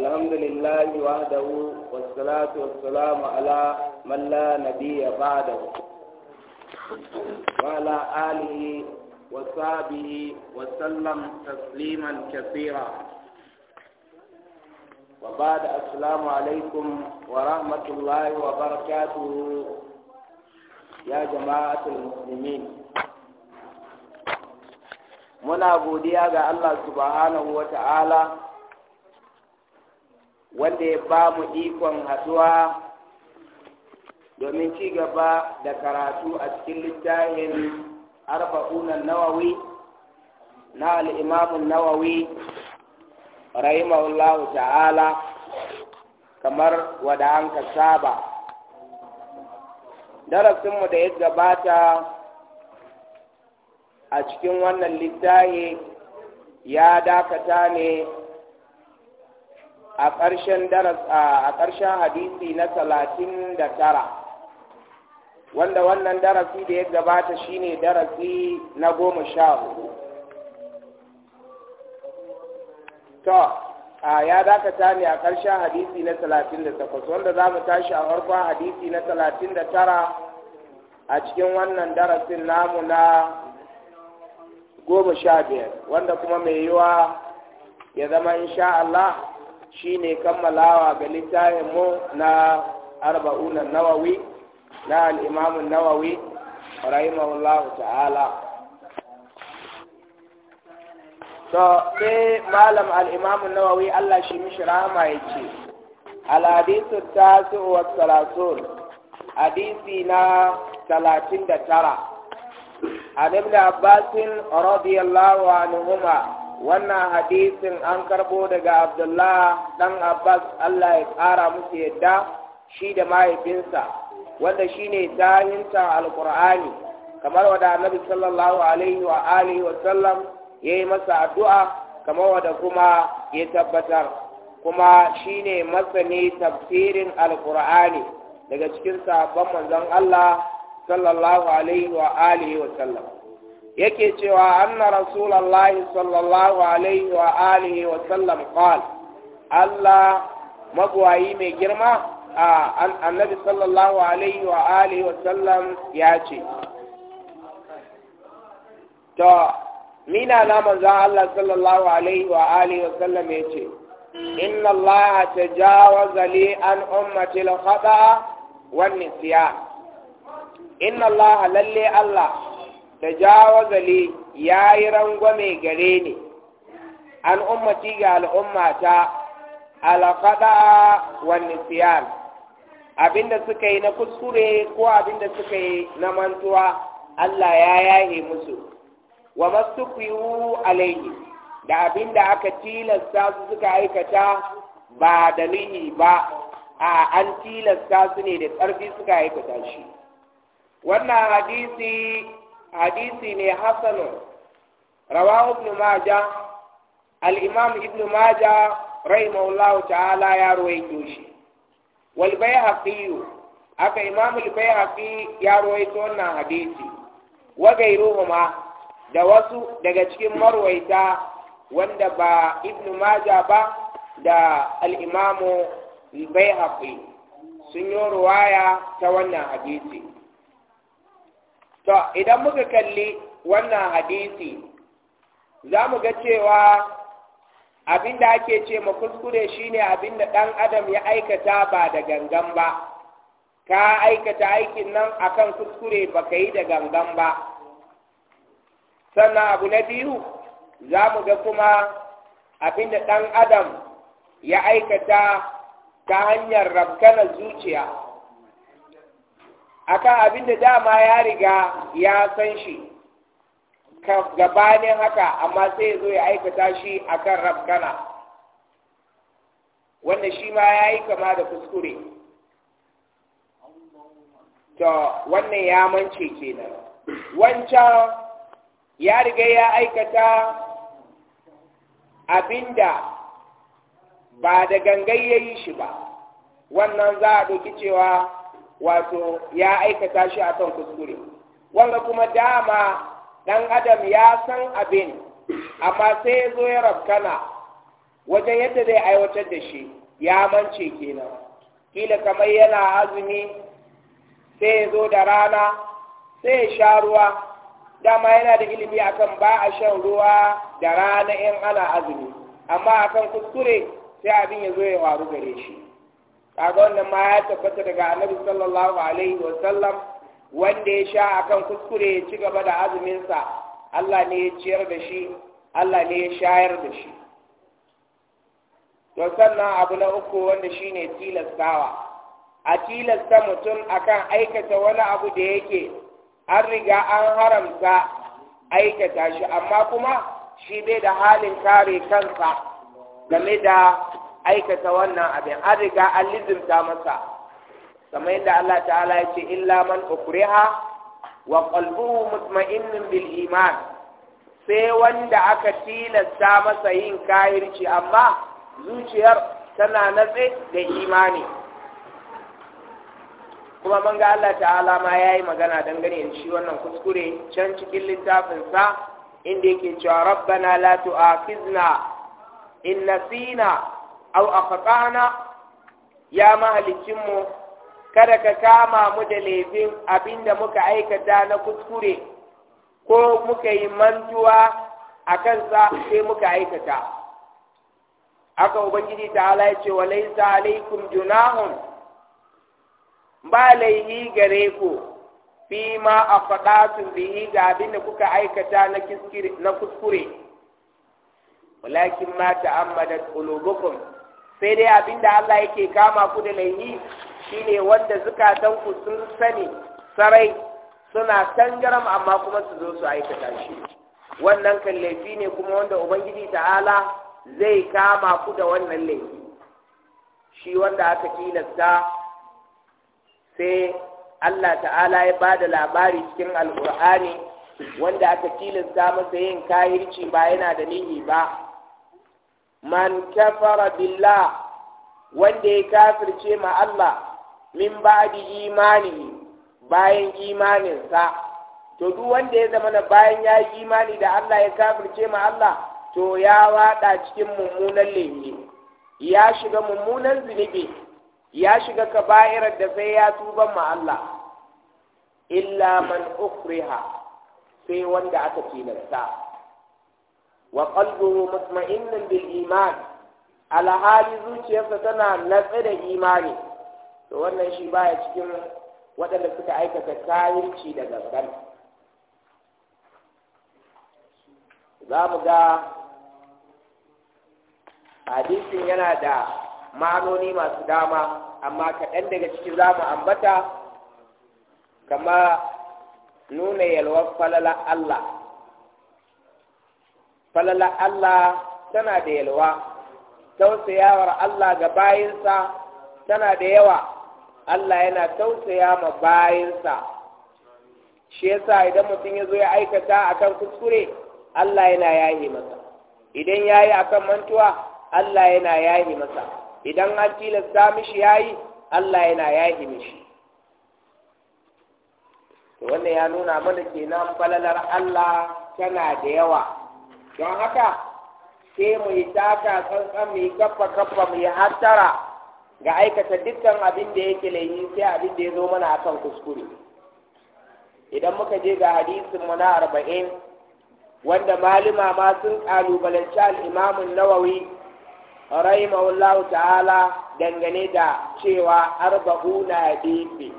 الحمد لله وحده والصلاة والسلام على من لا نبي بعده وعلى آله وصحبه وسلم تسليما كثيرا وبعد السلام عليكم ورحمة الله وبركاته ya jama'atul muslimin muna godiya ga Allah subhanahu wa ta'ala wanda ya ba mu ikon haɗuwa domin ci gaba da karatu a cikin littafin arba'unan nawawi na al'imamun nawawi rahimahullahu ta'ala kamar wada an ka saba darasinmu da ya gabata a cikin wannan littafi ya dakata ne a ƙarshen a ƙarshen hadisi na talatin da tara wanda wannan darasi da ya gabata shine darasi na goma sha hudu to ya dakata ne a ƙarshen hadisi na talatin da takwas wanda za mu tashi a farkon hadisi na talatin da tara a cikin wannan darasin namu na goma sha biyar wanda kuma mai yiwa ya zama insha Allah Shi ne kammalawa ga littafin mu na arba'unan nawawi na al nawawi rahimahullahu ta'ala so sai malam al nawawi Allah shi mishi rahama ya ce. hadithu ta wa salasun hadisi na talatin tara a ibn abbas radiyallahu anhuma wannan hadisin an karbo daga abdullah dan abbas allah ya ƙara musu yadda shi da mahaifinsa wanda shi shine zahinta alkur'ani kamar wada annabi sallallahu alaihi wa alihi wa sallam yayi masa addu'a kamar wada kuma ya tabbatar kuma shi ne masani tafsirin alkur'ani daga cikin sabon manzon Allah sallallahu alaihi wa alihi wa sallam yake cewa anna rasulullahi sallallahu alaihi wa alihi wa sallam qal Allah magwayi mai girma a annabi sallallahu alaihi wa alihi wa sallam ya ce to mina na manzo Allah sallallahu alaihi wa alihi wa sallam ya ce inna Allah tajawaza li an ummati al-khata wan nisyan inna Allah lalle Allah da Zali ya yi rangwame gare ni an ummati ga al'ummata alfaɗa wa nisiyan abinda suka yi na kuskure ko abinda suka yi na mantuwa Allah ya yaye musu wa mastukwiyu alaihi da abinda aka tilasta su suka aikata ba da ba a an tilasta su ne da ƙarfi suka aikata shi wannan hadisi hadisi ne hasanu rawahu ibn maja al-imam ibn maja rahimahullahu ta'ala ya ruwaito shi wal bayhaqi aka imam al bayhaqi ya ruwaito wannan hadisi wa gairuhuma da wasu daga cikin marwaita wanda ba ibn maja ba da al-imam al bayhaqi sun yi ruwaya ta wannan hadisi to idan muka kalli wannan hadisi za mu ga cewa abin da ake ce ma kuskure shine abin da ɗan adam ya aikata ba da gangan ba ka aikata aikin nan akan kuskure ba ka yi da gangan ba sannan abu na biyu za mu ga kuma abin da ɗan adam ya aikata ta hanyar rabkanar zuciya akan abin da dama ya riga ya san shi gabanin haka amma sai ya zo ya aikata shi akan rafkana wanda shi ma ya yi kama da kuskure to wannan ya mance kenan wancan ya riga ya aikata abin da ba da gangan ya shi ba wannan za a ɗauki cewa wato ya aikata shi akan kuskure wanda kuma dama ɗan adam ya san abin amma sai ya zo ya rafkana wajen yadda zai aiwatar da shi ya mance kenan kila kamar yana azumi sai ya zo da rana sai ya sha ruwa dama yana da ilimi akan ba a shan ruwa da rana in ana azumi amma akan kuskure sai abin ya zo ya waru gare shi kaga wannan ma ya tabbata daga annabi sallallahu alaihi wa sallam wanda ya sha akan kuskure ya ci gaba da azumin sa Allah ne ya ciyar da shi Allah ne ya shayar da shi to sannan abu na uku wanda shine tilastawa a tilasta mutum akan aikata wani abu da yake an riga an haramta aikata shi amma kuma shi bai da halin kare kansa game da aikata wannan abin an riga an lizimta masa kamar yadda Allah ta'ala ya ce illa man ukriha wa qalbuhu mutma'innin bil iman sai wanda aka tilasta masa yin kahirci amma zuciyar tana natse da imani kuma man ga Allah ta'ala ma ya yi magana dangane da shi wannan kuskure can cikin littafinsa inda yake cewa rabbana la tu'akhizna in nasina au afakana ya mu, kada ka kama mu da laifin abinda muka aikata na kuskure ko muka yi mantuwa a kansa sai muka aikata aka ubangiji ala ya ce wa laisa alaikum junahun ba laihi gare ku fi ma a faɗa bihi ga abinda kuka aikata na kuskure walakin ma ta'ammadat ulubukum sai dai abinda Allah yake kama ku da laihi shine wanda zukatanku sun sani sarai suna tangaram amma kuma su zo su aikata shi wannan kan laifi ne kuma wanda ubangiji ta'ala zai kama ku da wannan laifi shi wanda aka tilasta sai Allah ta'ala ya ba da labari cikin alkur'ani wanda aka tilasta masa yin kahirci ba yana da nihi ba man kafara billah wanda ya kafirce ma Allah min ba'di imani bayan imaninsa to duk wanda ya zama na bayan ya yi imani da Allah ya kafirce ma Allah to ya waɗa cikin mummunan lemi ya shiga mummunan zunubi ya shiga kaba'irar da sai ya tuban ma Allah illa man ukriha sai wanda aka tilasta wa qalbuhu mutma'innun bil iman alhali zuciyarsa tana natsa da imani to wannan shi baya cikin waɗanda suka aikata kayirci da gangan za mu ga hadisin yana da ma'anoni masu dama amma kaɗan daga ciki za mu ambata kama nuna yalwar falalar Allah falala Allah tana da yalwa tausayawar Allah ga bayinsa tana da yawa Allah yana tausaya ma bayinsa shi yasa idan mutum ya zo ya aikata akan kuskure Allah yana yahi masa idan ya yi akan mantuwa Allah yana yahi masa idan an tilasta mishi yayi Allah yana yahi mishi wannan ya nuna mana kenan falalar Allah tana da yawa don haka sai mu yi taka tsantsan mu yi kaffa kaffa mu yi hattara ga aikata dukkan abin da yake laifi sai abin da ya zo mana akan kuskure idan muka je ga hadisin mu na arba'in wanda malima ma sun kalubalanci al'imamun nawawi rahimahullahu ta'ala dangane da cewa Arba'u na hadisi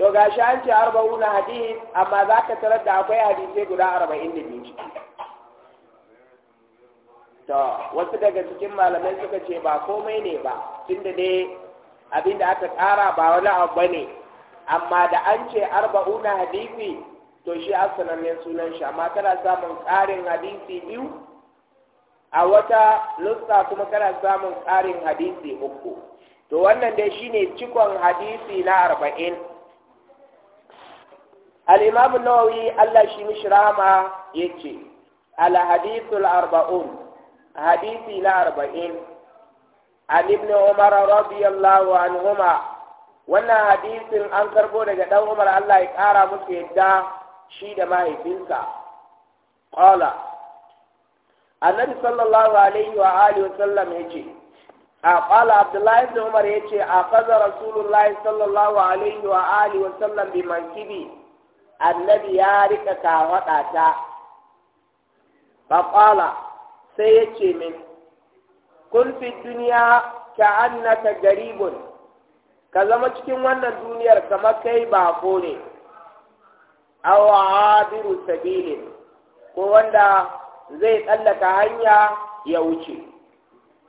to gashi an ce arba'u na hadisi, amma za ka tarar da akwai hadisai guda arba'in da biyu to wasu daga cikin malamai suka ce ba komai ne ba tunda dai abin da aka ƙara ba wani abu ne. amma da an ce arba'una hadisi to shi sanannen sunan shi amma kana samun ƙarin hadisi biyu a wata nuska kuma kana samun ƙarin hadisi uku to wannan dai shine cikon hadisi na arba'in al-imam nawawi Allah shi mishi ya yace al-hadithul arba'un hadisi na arba'in an ibn umar radiyallahu anhuma wannan hadisin an karbo daga dan umar Allah ya kara musu yadda shi da mahaifinsa qala annabi sallallahu alaihi wa alihi wasallam ya ce. a qala abdullahi ibn umar ce a kaza rasulullahi sallallahu alaihi wa alihi wasallam bi mankibi annabi ya rika kawata ta fa qala sai ya ce min kun fi duniya ka annaka garibun ka zama cikin wannan duniyar kamar kai ko ne awa abiru sabilin ko wanda zai tsallaka hanya ya wuce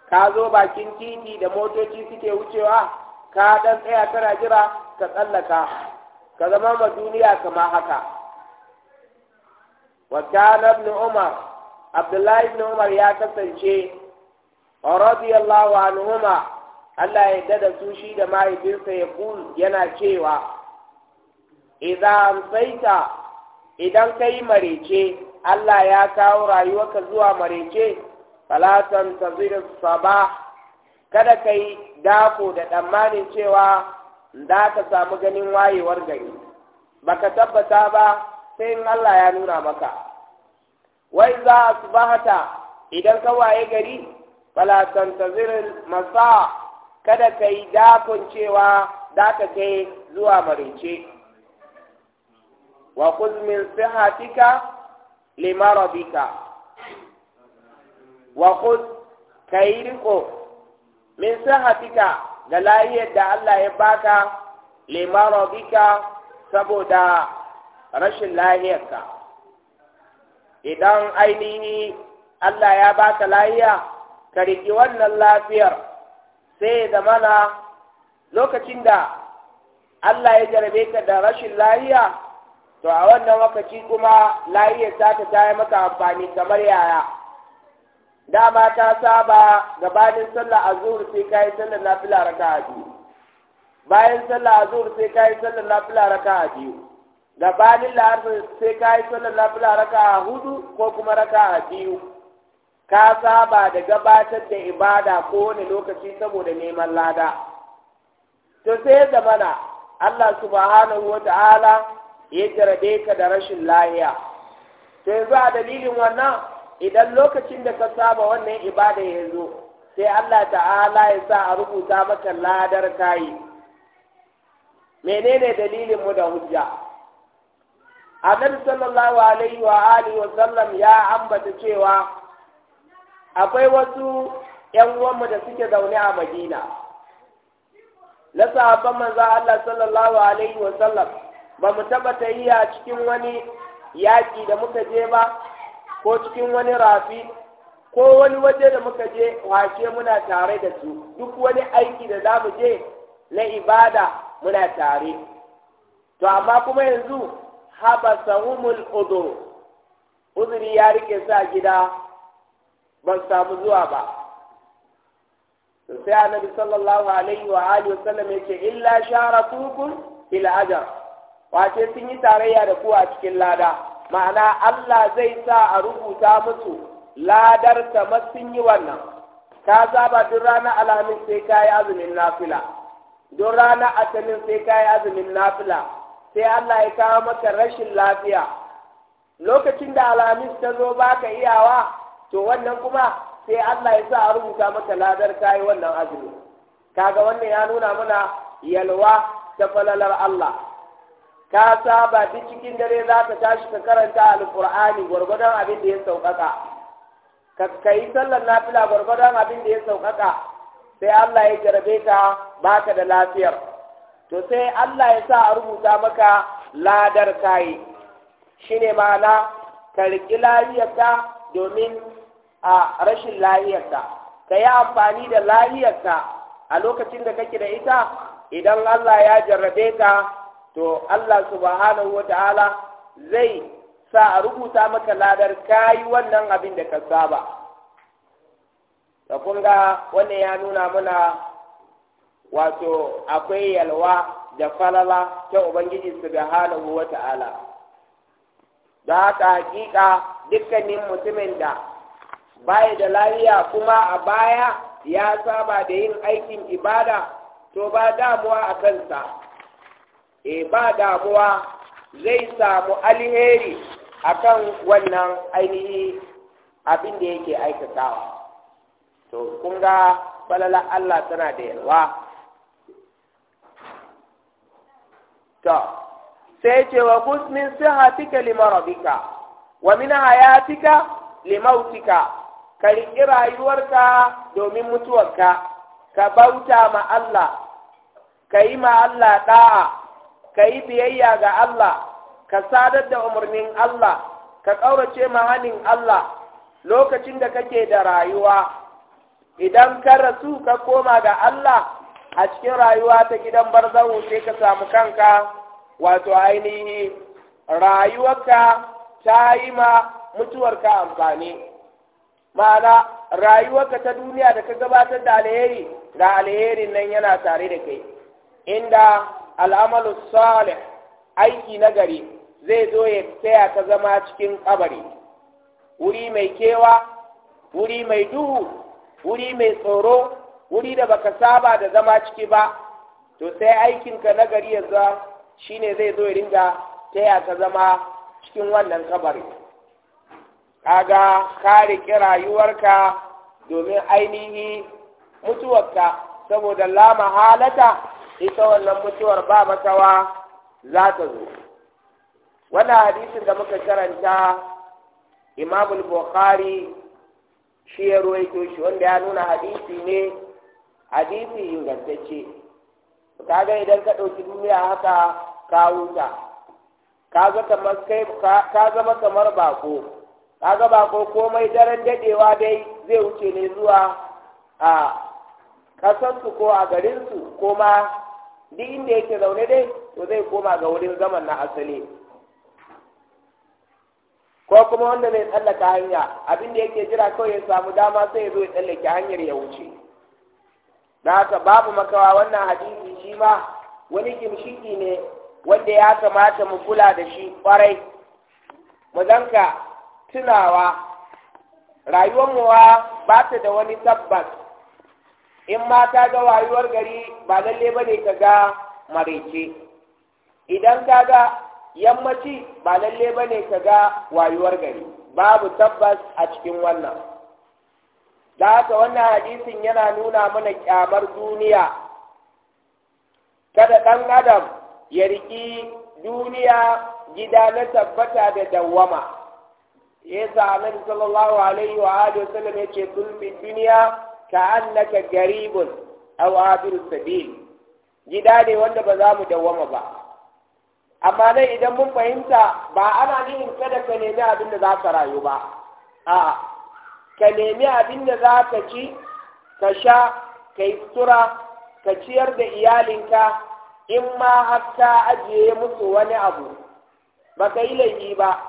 ka zo bakin titi da motoci suke wucewa ka dan tsaya kana jira ka tsallaka ka zama ma duniya kamar haka wa kana ibn umar abdullahi ibn umar ya kasance radiyallahu anhuma Allah ya yarda da su shi da mahaifinsa ya kul yana cewa idan saita idan kai marece Allah ya kawo rayuwarka zuwa marece falatan tazir sabah kada kai dako da tsammanin cewa za ka samu ganin wayewar gari baka tabbata ba sai in Allah ya nuna maka wai za a su bahata idan ka waye gari fala tantazirin masa kada ka yi dakon cewa za ka kai zuwa marece wa kuzmin sihatika limarabika wa kuz ka yi riko min sihatika ga lahiyar da Allah ya baka limarabika saboda rashin lahiyarka idan ainihi Allah ya ba baka lafiya ka riƙi wannan lafiyar sai da mana lokacin da Allah ya jarabe ka da rashin lafiya to a wannan lokaci kuma lafiyar za ta yi maka amfani kamar yaya dama ta saba gabanin sallah a zuhur sai kai sallar nafila a biyu bayan sallah a zuhur sai kai sallar nafila a biyu gabanin la'asar sai ka yi sallar lafila raka a hudu ko kuma raka a biyu ka saba da gabatar da ibada ko wani lokaci saboda neman lada to sai ya zamana Allah subhanahu wa ta'ala ya jarabe ka da rashin lahiya to yanzu a dalilin wannan idan lokacin da ka saba wannan ibada ya zo sai Allah ta'ala ya sa a rubuta maka ladar kayi menene dalilin mu da hujja annabi sallallahu alaihi wa alihi wa sallam ya ambata cewa akwai wasu ‘yan uwanmu da suke zaune a Madina. Na sahabban manzo Allah sallallahu alaihi wa sallam ba mu taɓa tahiya cikin wani yaƙi da muka je ba ko cikin wani rafi ko wani waje da muka je washe muna tare da su duk wani aiki da za mu je na ibada muna tare. To amma kuma yanzu habasahumul udhu uzuri ya rike sa gida ban samu zuwa ba sai annabi sallallahu alaihi wa alihi wa sallam yace illa sharatukum fil ajr wace sun yi tarayya da ku a cikin lada ma'ana Allah zai sa a rubuta musu ladar ta sun yi wannan ka zaba duk rana alhamis sai kayi azumin nafila duk rana asalin sai kayi azumin nafila sai Allah ya kawo maka rashin lafiya lokacin da alhamis ta zo baka iyawa to wannan kuma sai Allah ya sa a rubuta maka ladar kayi wannan azumi kaga wannan ya nuna mana yalwa ta falalar Allah ka saba cikin dare za ka tashi ka karanta alqur'ani gwargwadon abin da ya sauƙaƙa ka kai sallar nafila gwargwadon abin da ya sauƙaƙa sai Allah ya jarabe ka baka da lafiyar to sai Allah ya sa a rubuta maka ladar kayi shine ma'ana ka riƙi lahiyarka domin a rashin lahiyarka ka yi amfani da lahiyarka a lokacin da kake da ita idan Allah ya jarrabe ka to Allah subhanahu wa ta'ala zai sa a rubuta maka ladar kayi wannan abin da ka saba da kun ga wannan ya nuna mana wato akwai yalwa da falala ta Ubangiji subhanahu wa ta'ala. Da haka hakika dukkanin mutumin da baya da lafiya kuma a baya ya saba da yin aikin ibada to ba damuwa a kansa, e ba damuwa zai samu alheri akan wannan ainihi abin da yake aikatawa. To, kun ga falala Allah tana da yalwa. ta sai ce wa kus min sihatika li maradika wa min hayatika li mautika ka riƙi rayuwarka domin mutuwarka ka bauta ma Allah ka yi ma Allah ɗa'a ka yi biyayya ga Allah ka sadar da umarnin Allah ka ƙaurace ma hannun Allah lokacin da kake da rayuwa idan ka rasu ka koma ga Allah a cikin rayuwa ta gidan barzahu sai ka samu kanka wato ainihi rayuwarka ta yi ma mutuwarka amfani ma'ana rayuwarka ta duniya da ka gabatar da alheri da alherin nan yana tare da kai inda al'amalu salih aiki nagari zai zo ya taya ka zama cikin kabari wuri mai kewa wuri mai duhu wuri mai tsoro wuri da baka saba da zama ciki ba to sai aikinka na gari yanzu shine zai zo ya ringa taya ka zama cikin wannan kabari kaga ka riƙe rayuwarka domin ainihi mutuwarka saboda la mahalata ita wannan mutuwar ba matawa za ta zo wannan hadisin da muka karanta imamul bukhari shi ya ruwaito shi wanda ya nuna hadisi ne hadisi ingantacce kaga idan ka ɗauki duniya haka ka wuta ka zama kamar bako kaga bako komai daren daɗewa dai zai wuce ne zuwa a kasansu ko a garinsu ko ma duk inda yake zaune dai to zai koma ga wurin zaman na asali ko kuma wanda zai tsallaka hanya abinda yake jira kawai ya samu dama sai ya zo ya tsallake hanyar ya wuce da haka babu makawa wannan hadisi shi ma wani kimshiki ne wanda ya kamata mu kula da shi kwarai mu zanka tunawa rayuwar mu ba ta da wani tabbas in ma ta ga wayuwar gari ba lalle bane ka ga marece idan ka ga yammaci ba lalle bane ka ga wayuwar gari babu tabbas a cikin wannan da haka wannan hadisin yana nuna mana kyamar duniya kada ɗan adam ya riƙi duniya gida na tabbata da dawwama yasa annabi sallallahu alaihi wa alihi wa sallam yace kul fi duniya ka annaka garibun aw abir sabil gida ne wanda ba za mu dawwama ba amma dai idan mun fahimta ba ana nihin kada ka nemi abin da za ka rayu ba a'a ka nemi abin da za ka ci ka sha ka yi sutura ka ciyar da iyalinka in ma har ajiye musu wani abu ba ka yi laifi ba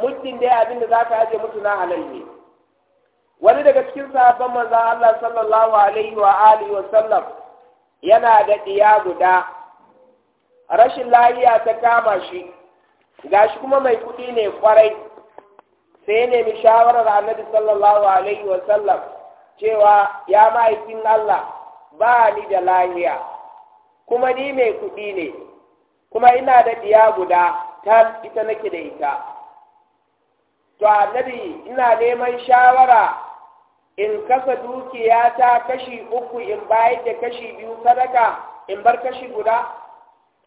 muddin dai abin da za ka ajiye musu na halal wani daga cikin sahabban manzon Allah sallallahu alaihi wa alihi wa sallam yana da diya guda rashin lafiya ta kama shi gashi kuma mai kuɗi ne kwarai sai ya nemi shawarar annabi sallallahu alaihi wa sallam cewa ya ma'aikin Allah ba ni da lahiya kuma ni mai kuɗi ne kuma ina da diya guda ta ita nake da ita to annabi ina neman shawara in kasa dukiya ta kashi uku in bayar da kashi biyu sadaka in bar kashi guda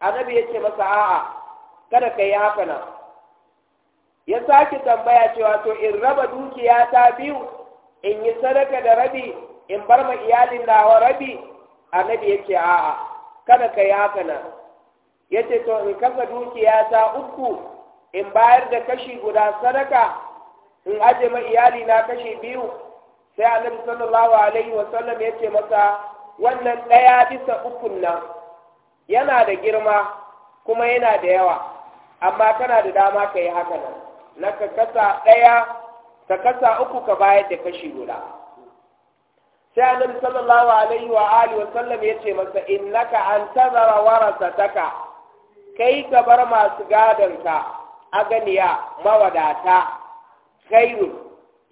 annabi ya ce masa a'a kada ka yi haka nan ya sake tambaya cewa to in raba dukiya ta biyu in yi sadaka da rabi in bar ma iyalin nawa rabi annabi yace a'a kada ka yi haka nan yace to in kasa dukiya ta uku in bayar da kashi guda sadaka in aje ma iyali na kashi biyu sai annabi sallallahu alaihi wa sallam yace masa wannan ɗaya bisa ukun nan yana da girma kuma yana da yawa amma kana da dama ka yi haka nan na ka kasa ɗaya ka kasa uku ka bayar da kashi guda sai annabi sallallahu alaihi wa alihi wa sallam ya ce masa innaka an tazara warasataka kai ka bar masu gadon ka aganiya mawadata khairu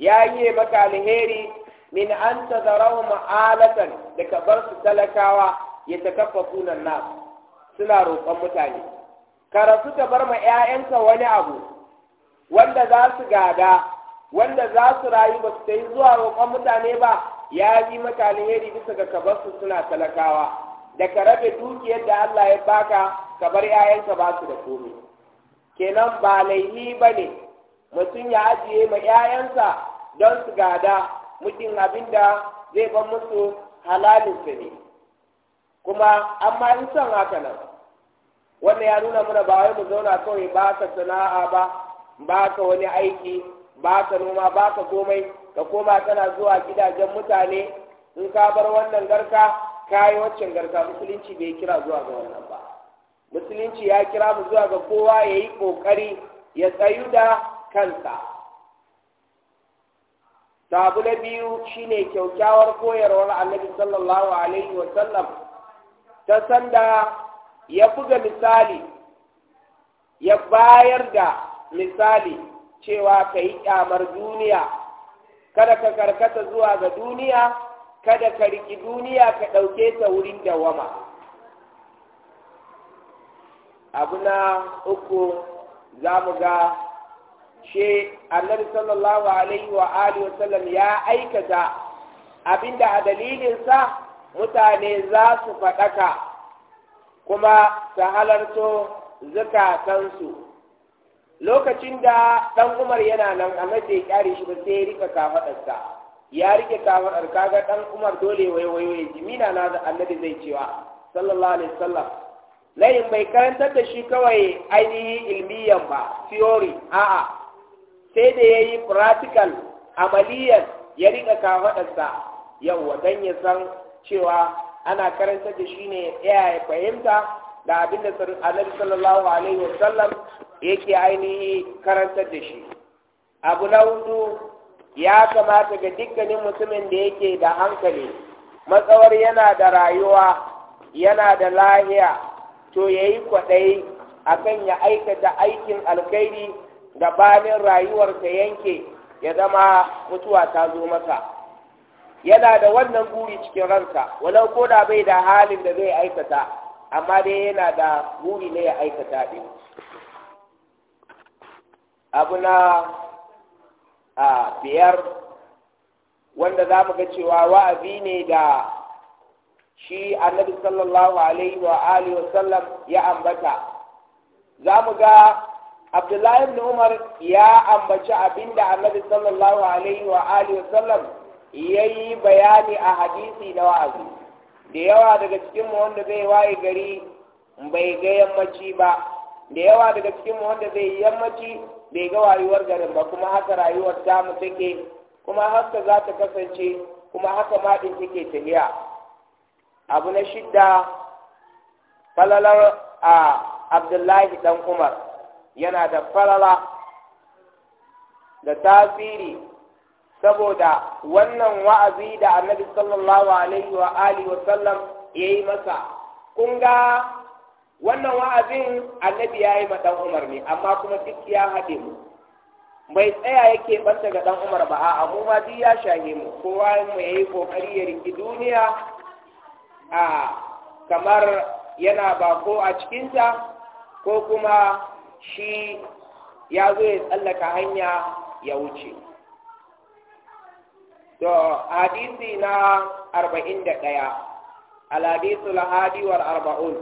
ya yi maka alheri min an tadarau ma'alatan da ka bar su talakawa ya kafa sunan nasu suna roƙon mutane ka rasu ka bar ma 'ya'yanka wani abu wanda za su gada wanda za su rayu ba su ta yi zuwa roƙon mutane ba ya yi maka alheri bisa ga kabarsu suna talakawa da ka rabe dukiyar da Allah ya baka ka bar 'ya'yanka ba su da komai kenan ba laihi ba ne mutum ya ajiye ma 'ya'yansa don su gada mutum abin da zai ban musu halalinsa ne kuma amma in son haka nan wannan ya nuna mana ba wai mu zauna kawai ba ka sana'a ba ba ka wani aiki ba ka noma ba ka komai ka koma tana zuwa gidajen mutane in ka bar wannan garka ka yi waccan garka musulunci bai kira zuwa ga wannan ba musulunci ya kira mu zuwa ga kowa ya yi ƙoƙari ya tsayu da kansa Sabu na biyu shine kyaukyawar koyarwar annabi sallallahu alaihi sallam ta sanda ya buga misali ya bayar da misali cewa ka yi kyamar duniya kada ka karkata zuwa ga duniya kada ka riki duniya ka ɗauke ta wurin dawama abu na uku za mu ga she annabi sallallahu alaihi wa alihi wa sallam ya aikata abinda a dalilinsa mutane za su faɗaka kuma ta halarto zukatansu lokacin da ɗan umar yana nan a mace kyare shi ba sai ya rika kafaɗarsa ya rike kafaɗar kaga ɗan umar dole wai-wai-wai, "Jimina na da annabi zai cewa sallallahu alaihi wasallam layin bai karantar da shi kawai ainihin ilmiyan ba theory a'a sai da ya yi practical amaliyan ya rika kafaɗarsa yau dan ya san cewa ana karantar da shi ne ya fahimta da abin da annabi sallallahu alaihi wasallam yake ainihi karantar da shi abu na hudu ya kamata ga dukkanin mutumin da yake da hankali matsawar yana da rayuwa yana da lahiya to ya yi kwaɗayi akan ya aikata aikin alkhairi gabanin rayuwarsa yanke ya zama mutuwa ta zo masa yana da wannan buri cikin ransa walau ko da bai da halin da zai aikata amma dai yana da buri ne ya aikata ɗin abu na a biyar wanda za mu ga cewa wa'azi ne da shi annabi sallallahu alaihi wa alihi wasallam ya ambata za mu ga abdullahi ibn umar ya ambaci abinda annabi sallallahu alaihi wa alihi wasallam ya yi bayani a hadisi na wa'azi da yawa daga cikinmu wanda zai waye gari bai ga yammaci ba da yawa daga cikinmu wanda zai yi yammaci bai ga wayuwar garin ba kuma haka rayuwar tamu take kuma haka za ta kasance kuma haka ma maɗin take tafiya abu na shidda falalar a abdullahi dan kumar yana da falala da tasiri saboda wannan wa'azi da annabi sallallahu alaihi wa alihi wa sallam yayi masa kun ga wannan wa'azin annabi yayi ma dan Umar ne amma kuma duk ya haɗe mu bai tsaya yake banta ga ɗan Umar ba a'a mu ma duk ya shahe mu kowa mu yi kokari ya riki duniya a kamar yana bako a cikinta ko kuma shi ya zo ya tsallaka hanya ya wuce to hadisi na arba'in da ɗaya Al'adisu lahadi war arba'un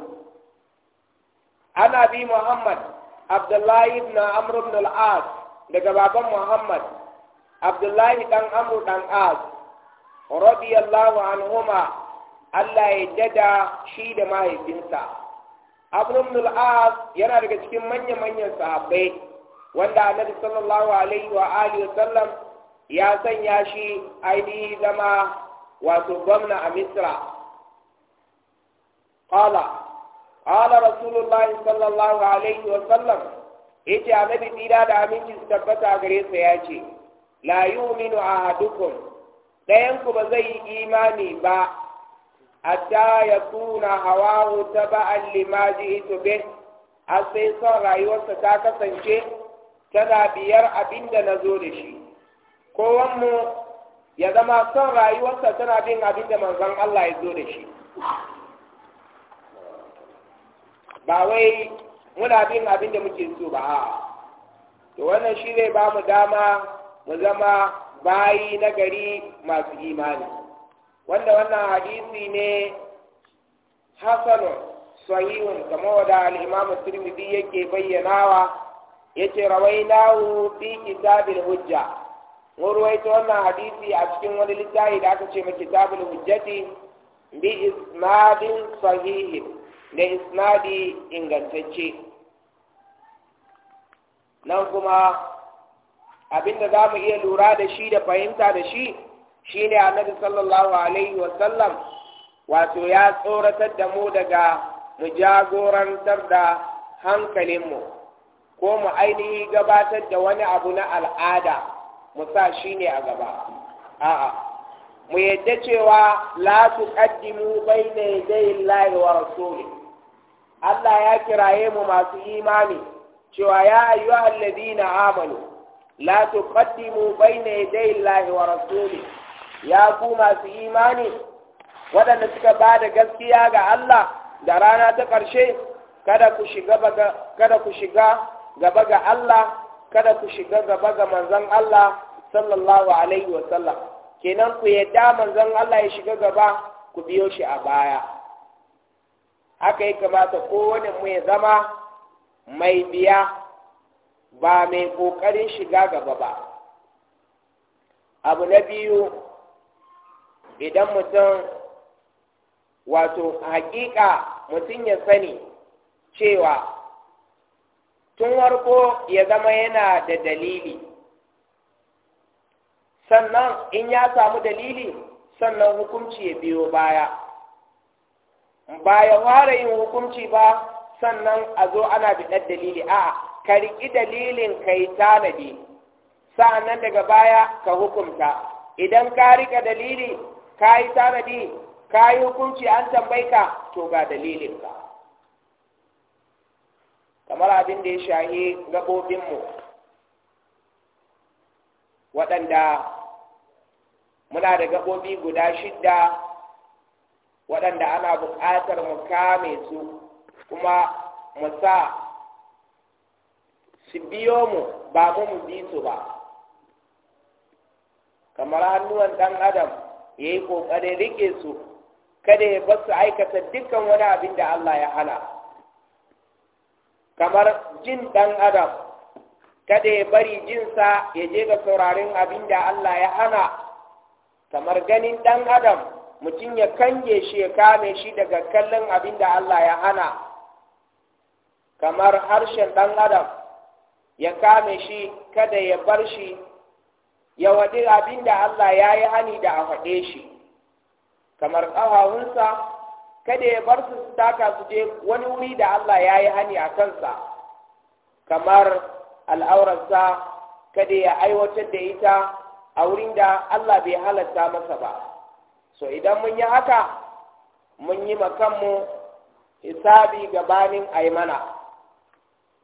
Ana bi muhammad abdullahi ibn amr ibn al daga baban muhammad abdullahi ɗan amr ɗan as radiyallahu anhuma Allah ya jada shi da mahaifinsa. Abu ibn al yana daga cikin manya-manyan sahabbai wanda Annabi sallallahu alaihi wa alihi wa sallam ya sanya shi ainihi zama wato gwamna a misra ƙala ƙala rasulullah sallallahu alaihi wa sallam ya yace annabi tsira da aminci su tabbata gare sa ya ce la yu'minu ahadukum dayan ku ba zai yi imani ba hatta tuna hawahu taba'an limaji ito be har sai son rayuwarsa ta kasance tana biyar abinda na zo da shi mu ya zama son rayuwarsa tana bin abin da manzon Allah ya zo da shi ba wai muna bin abin da muke so ba to wannan shi zai ba mu dama mu zama bayi na gari masu imani wanda wannan hadisi ne hasanun sahihun kama wada al'imamu turmidi yake bayyanawa ya ce rawainahu fi kitabil hujja mun ruwaito wannan hadisi a cikin wani littafi da aka ce ma kitabul hujjati bi isnadin sahihi da isnadi ingantacce nan kuma abinda za mu iya lura da shi da fahimta da shi shine annabi sallallahu alaihi wa sallam wato ya tsoratar da mu daga mu jagorantar da hankalinmu ko mu ainihi gabatar da wani abu na al'ada mu sa shi ne a gaba a'a mu yadda cewa la bai ne zai Allahi wa rasuli Allah ya kiraye mu masu imani cewa ya ayyuhal ladina amanu la bai ne zai Allahi wa rasuli ya ku masu imani waɗanda suka ba da gaskiya ga Allah da rana ta ƙarshe kada ku shiga kada ku shiga gaba ga Allah kada ku shiga gaba ga manzon Allah sallallahu alaihi wa sallam kenan ku yadda manzon Allah ya shiga gaba ku biyo shi a baya haka ya kamata kowane mu ya zama mai biya ba mai ƙoƙarin shiga gaba ba abu na biyu idan mutum wato hakika mutum ya sani cewa tun warko ya zama yana da dalili sannan in ya samu dalili sannan hukunci ya biyo baya ba ya fara yin hukunci ba sannan a zo ana biɗar dalili a ka riƙi dalilin ka yi tanadi sa'annan daga baya ka hukunta idan ka riƙa dalili ka yi tanadi ka yi hukunci an tambayi ka to ga dalilin ka kamar abin da ya shahi gaɓoɓinmu waɗanda muna da gaɓoɓi guda shidda waɗanda ana buƙatar mu kame su kuma mu sa su biyo mu ba mu mu bi su ba kamar hannuwan ɗan adam ya yi ƙoƙarin riƙe su kada ya basu aikata dukkan wani abin da Allah ya hana kamar jin ɗan adam kada ya bari jinsa ya je ga saurarin abin da Allah ya hana kamar ganin ɗan adam mutum ya kange shi ya kame shi daga kallon abin da Allah ya hana kamar harshen ɗan adam ya kame shi kada ya bar shi ya waɗi abin da Allah ya yi hani da a faɗe shi kamar ƙahahunsa kada ya bar su taka su je wani wuri da Allah ya yi hani a kansa kamar al'aurarsa kada ya aiwatar da ita a wurin da Allah bai halatta masa ba so idan mun yi haka mun yi makanmu hisabi gabanin a mana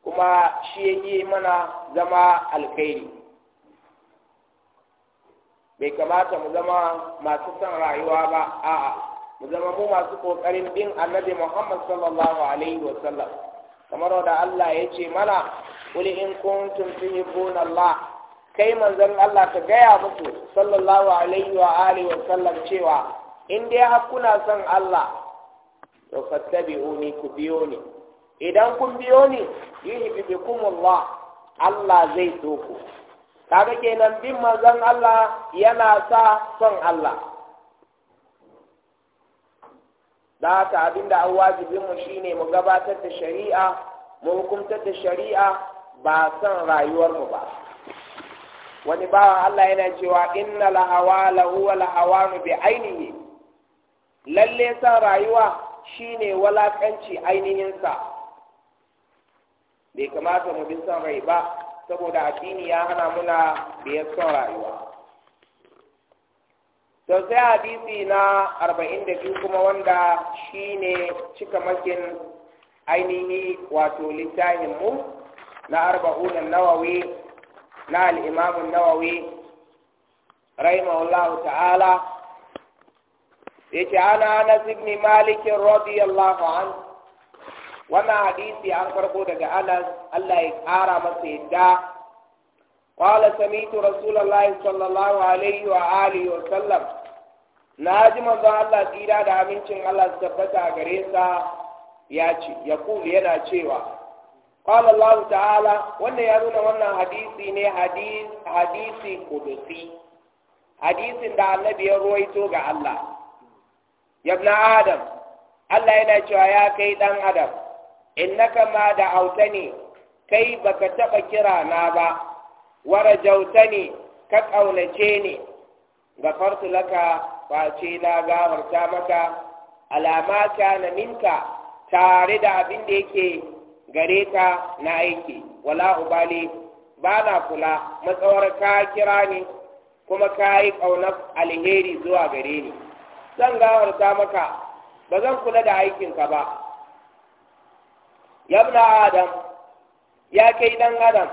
kuma shi ya yi mana zama alkhairi bai kamata mu zama masu son rayuwa ba a'a mu zama mu masu kokarin bin annabi Muhammad sallallahu alaihi wa sallam kamar da Allah ya ce mana qul in kuntum tuhibbuna Allah kai manzon Allah ka gaya musu sallallahu alaihi wa alihi wa sallam cewa in dai har kuna son Allah to fattabi'uni ku biyo ni idan kun biyo ni yuhibbukumullah Allah zai so ku kaga kenan bin manzon Allah yana sa son Allah da ta abinda an wajibinmu shine mu gabatar da shari'a mu hukumtar da shari'a ba son mu ba wani bawa Allah yana cewa inna lahawa lahu lahawanu bi ainihi lalle san rayuwa shine walakanci sa, bai kamata mu bi san rai ba saboda addini ya hana muna biyar son rayuwa to sai hadisi na 42 kuma wanda shine cika makin ainihi wato littafin mu na arba'unan nawawi na al'imamun nawawi rahimahullahu ta'ala yake ana anas ibn malik radiyallahu an wannan hadisi an farko daga anas Allah ya ƙara masa yadda قال سميت رسول الله صلى الله عليه وآله وسلم ناجم الله تيرا da amincin Allah tabbata gare sa ya ce yana cewa qala Allah ta'ala wannan ya nuna wannan hadisi ne hadisi kudusi hadisin da annabi ya ruwaito ga Allah ya ibn adam Allah yana cewa ya kai dan adam innaka ma da autani kai baka taba kira na ba warajautani ka kaunace ni gafartu laka face na gawarta maka alama kana minka tare da abin da yake gare ka na aiki wala ubali ba na kula matsawar ka kira ni kuma ka yi ƙaunar alheri zuwa gare ni zan gawar ta maka ba zan kula da aikinka ba yabna adam ya kai dan adam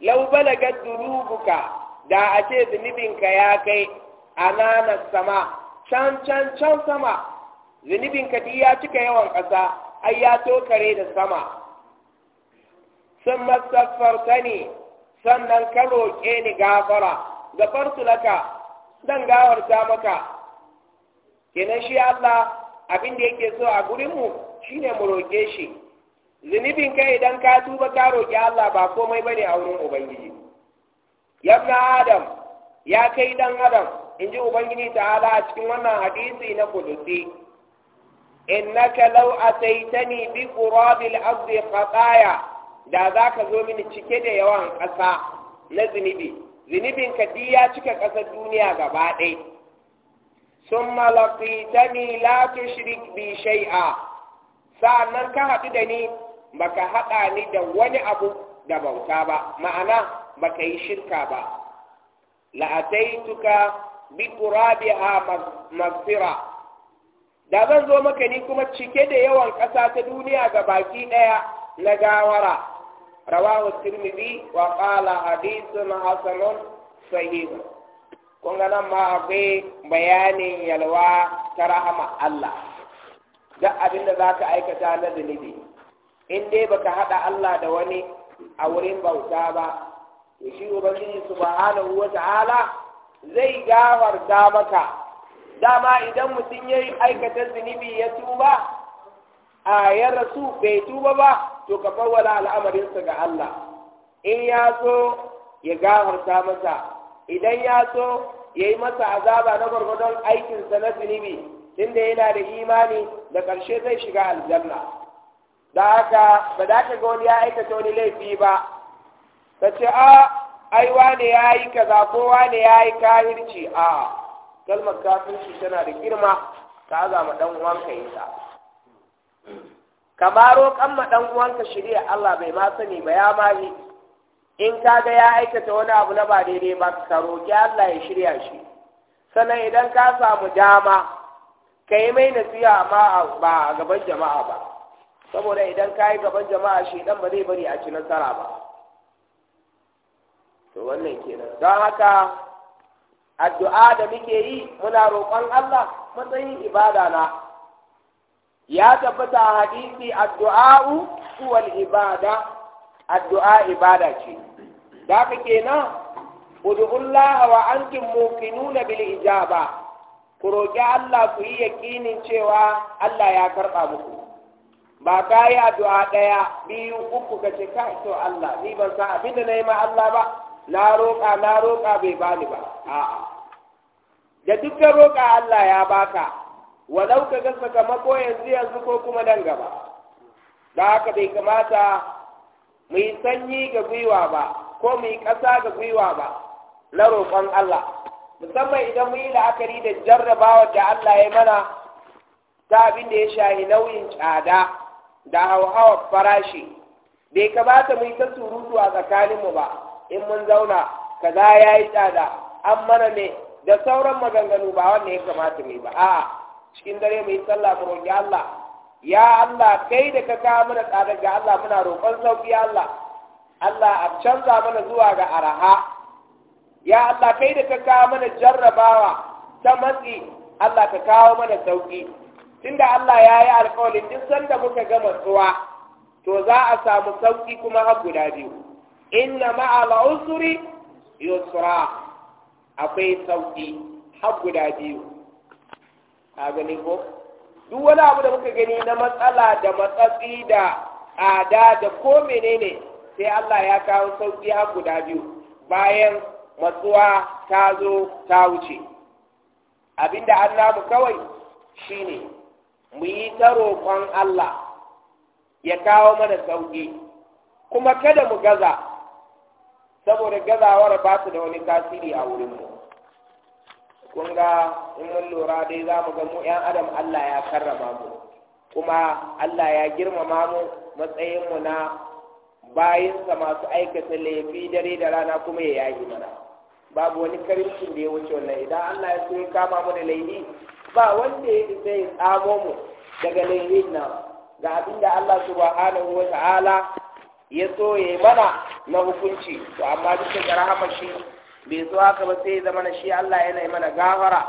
lau balaga durubuka da a ce zunubinka ya kai ananas sama can can can sama zunubinka duk ya cika yawan ƙasa ai ya tokare da sama sun masaffarta ne sannan ka roƙe ni gafara Da farsu laka dan ta maka kenan shi Allah abin da yake so a gurinmu shine mu roƙe shi zunubin kai idan ka tuba ka roƙi Allah ba komai bane a wurin ubangiji yabna adam ya kai dan adam in ji ubangiji ta'ala a cikin wannan hadisi na kudusi innaka law ataitani bi qurabil ardi qataya da zaka zo mini cike da yawan ƙasa na zinibi? zunubin ka ya cika ƙasar duniya gaba ɗaya summa laqitani la tushrik bi shay'a sa'annan ka haɗu da ni baka haɗa ni da wani abu da bauta ba ma'ana baka yi shirka ba la'ataituka bi qurabiha Masira. da zan zo maka ni kuma cike da yawan ƙasa ta duniya ga baki ɗaya na gawara rawahu tirmidhi wa qala hadithun hasanun sahih kun ga nan ma akwai bayanin yalwa ta rahama Allah da abin da zaka aikata na zunubi in dai baka hada Allah da wani a wurin bauta ba to shi ubangiji subhanahu wa ta'ala zai gafarta maka dama idan mutum ya yi aikata zunubi ya tuba a ya rasu bai tuba ba to ka farwala al'amarinsa ga Allah in ya so ya gafarta masa idan ya so ya yi masa azaba na gwargwadon aikinsa na zunubi tunda yana da imani da ƙarshe zai shiga aljanna da haka ba za ga wani ya aikata wani laifi ba ka ce a ah, aiwa ne ya yi kaza ko wane ya yi kahirci a kalmar kafinci tana da girma ka azama dan uwanka ta kamaro kan ma dan uwanka shirya Allah bai ma sani ba ya ma yi in ga ya aikata wani abu na ba daidai ba ka roki Allah ya shirya shi sannan idan ka samu dama ka yi mai nasiha ma ba a gaban jama'a ba saboda idan ka gaban jama'a shi dan ba zai bari a ci nasara ba to wannan kenan don haka addu'a da muke yi muna roƙon Allah matsayin ibada na ya tabbata a hadisi addu'a'u suwal ibada addu'a ibada ce da haka kenan ud'ullah wa antum muqinuna bil ijaba ku roƙi Allah ku yi yaƙinin cewa Allah ya karɓa muku ba ka yi addu'a ɗaya biyu uku ka ce kai to Allah ni ban sa abin da na yi ma Allah ba na roƙa na roƙa bai bani ba a'a da dukkan roƙa Allah ya baka walau ka ga sakamako yanzu yanzu ko kuma dan gaba da haka bai kamata mu yi sanyi ga gwiwa ba ko mu yi ƙasa ga gwiwa ba na roƙon Allah musamman idan mu yi la'akari da jarrabawar da Allah ya mana ta abin da ya shahi nauyin tsada da hauhawar farashi bai kamata mu yi ta surutu a tsakaninmu ba in mun zauna kaza ya yi tsada an mana ne da sauran maganganu ba wanda ya kamata mu ba a'a cikin dare mai yi sallah mu roƙi Allah ya Allah kai da ka kawo mana tsada ga Allah muna roƙon sauƙi Allah Allah a canza mana zuwa ga araha ya Allah kai da ka kawo mana jarrabawa ta matsi Allah ka kawo mana sauƙi tunda Allah ya yi alƙawarin duk sanda muka gama tsuwa to za a samu sauƙi kuma har guda biyu inna ma'ala usri yusra akwai sauki har guda biyu A gani ko duk wani abu da muka gani na matsala da matsatsi da tsada da ko menene sai Allah ya kawo sauki har guda biyu bayan matsuwa ta zo ta wuce abinda an namu kawai shine mu yi ta roƙon Allah ya kawo mana sauki kuma kada mu gaza saboda gazawar ba su da wani tasiri a wurin mu kun ga in mun lura dai za mu ga mu 'yan adam Allah ya karrama mu kuma Allah ya girmama mu matsayin mu na bayinsa masu aikata laifi dare da rana kuma ya yaki mana babu wani karimcin da ya wuce wannan idan Allah ya so ya kama mu da laifi ba wanda ya isa ya tsamo mu daga laifin nan ga abin da Allah subhanahu wa ta'ala ya so ya mana na hukunci to amma duk da rahama shi bai zo haka ba sai zama na shi Allah yana yi mana gafara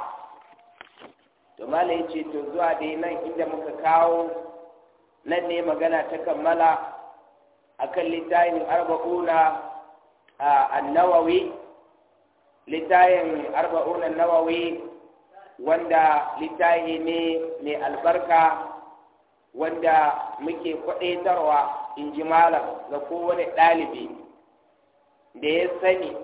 to malai yace to zuwa da nan inda muka kawo nan ne magana ta kammala akan littafin arba'una an-nawawi littafin arba'una an-nawawi wanda littafi ne mai albarka wanda muke kwaɗaitarwa in ji malam ga kowane ɗalibi da ya sani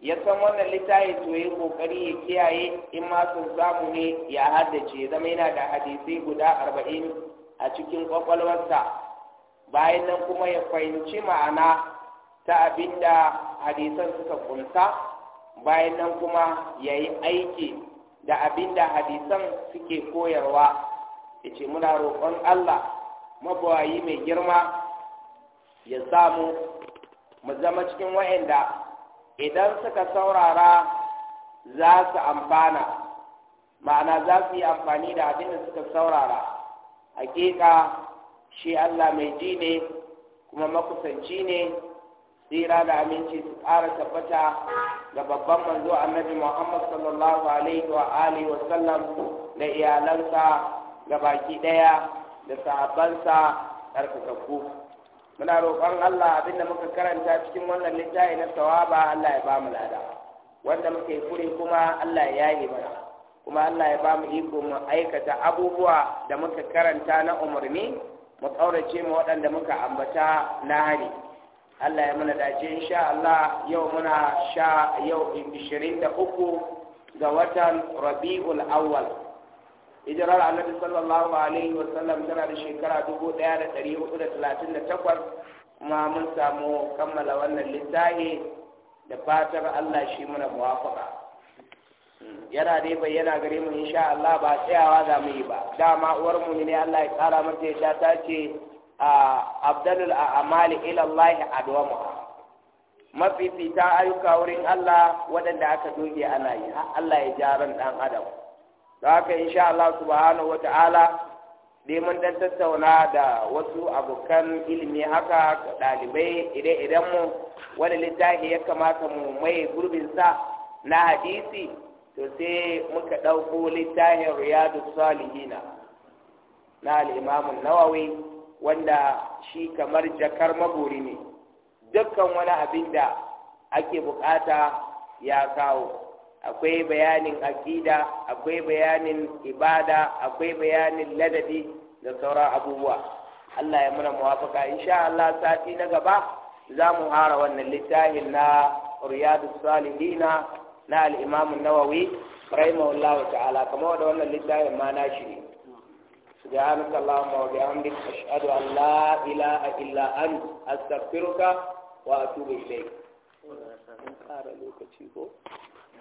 ya san wannan littafi to yi kokari ya kiyaye in ma sun samu ne ya haddace zama yana da hadisai guda arba'in a cikin kwakwalwarsa bayan nan kuma ya fahimci ma'ana ta abin da hadisan suka kunsa bayan nan kuma ya yi aiki da abin da hadisan suke koyarwa ya ce muna roƙon allah mabawayi mai girma ya samu mu zama cikin wa'anda idan suka saurara za su amfana ma'ana za su yi amfani da abin da suka saurara hakika shi Allah mai ji ne kuma makusanci ne tsira da aminci su ƙara tabbata ga babban manzo annabi Muhammad sallallahu alaihi wa alihi wa sallam da iyalansa ga baki ɗaya da sahabbansa tsarkakakku. muna roƙon Allah abinda muka karanta cikin wannan littafi na tawaba Allah ya bamu lada wanda muke kure kuma Allah ya yi mana kuma Allah ya bamu iko mu aikata abubuwa da muka karanta na umarni mu tsaurace mu waɗanda muka ambata na hari Allah ya mana dace insha Allah yau muna sha yau 23 ga watan Rabiul Awwal hijirar annabi sallallahu alaihi sallam tana da shekara dubu ɗaya da ɗari hudu da talatin da takwas kuma mun samu kammala wannan littafi da fatar Allah shi muna muwafaka yana dai bayyana gare mu insha Allah ba tsayawa za mu yi ba dama uwar mu ne Allah ya tsara mata ya ta ce abdalul a'mali ila Allah adwamuha mafifita ayyuka wurin Allah waɗanda aka doge ana yi Allah ya ran ɗan adam da haka insha Allah subhanahu wa ta'ala dai dan tattauna da wasu abokan ilimi haka ɗalibai idan idan mu wani littafi ya kamata mu mai gurbin sa na hadisi to sai muka ɗauko littafin riyadu salihina na al'imamun nawawi wanda shi kamar jakar magori ne dukkan wani abin da ake bukata ya kawo akwai bayanin aqida akwai bayanin ibada akwai bayanin ladabi da sauran abubuwa Allah ya muna muwafaka insha Allah sati na gaba za mu hara wannan littafin na riyadu salihina na al-imam an-nawawi rahimahullah ta'ala kamar da wannan littafin ma na shi سبحانك اللهم وبحمدك أشهد أن لا إله إلا أنت أستغفرك وأتوب إليك.